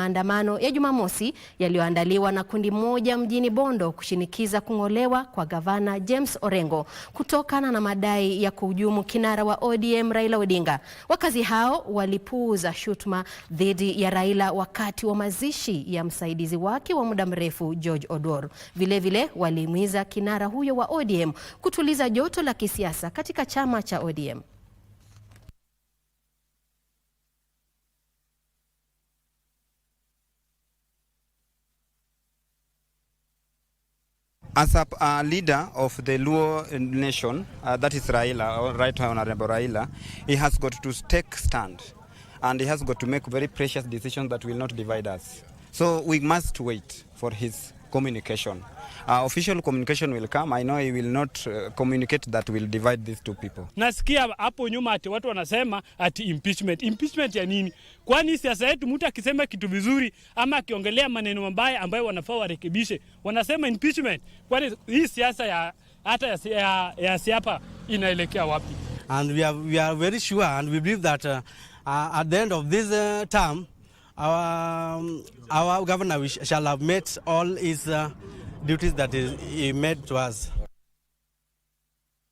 Maandamano ya Jumamosi yaliyoandaliwa na kundi moja mjini Bondo kushinikiza kung'olewa kwa gavana James Orengo kutokana na madai ya kuhujumu kinara wa ODM Raila Odinga. Wakazi hao walipuuza shutuma dhidi ya Raila wakati wa mazishi ya msaidizi wake wa muda mrefu George Odor. Vilevile walimwiza kinara huyo wa ODM kutuliza joto la kisiasa katika chama cha ODM. As a uh, leader of the Luo nation, uh, that is Raila, Right Honorable Raila, he has got to take stand and he has got to make very precious decisions that will not divide us. So we must wait for his communication. Uh, official communication will come. I know he will not uh, communicate that will divide these two people. Nasikia hapo nyuma ati watu wanasema ati impeachment. Impeachment ya nini? Kwani siasa yetu mtu akisema kitu vizuri ama akiongelea maneno mabaya ambayo wanafaa warekebishe, wanasema impeachment. Kwani hii siasa ya hata ya, ya, ya siapa inaelekea wapi? And we are, we are very sure and we believe that uh, uh, at the end of this uh, term Our, um, our governor, we shall have met all his uh, duties that he made to us.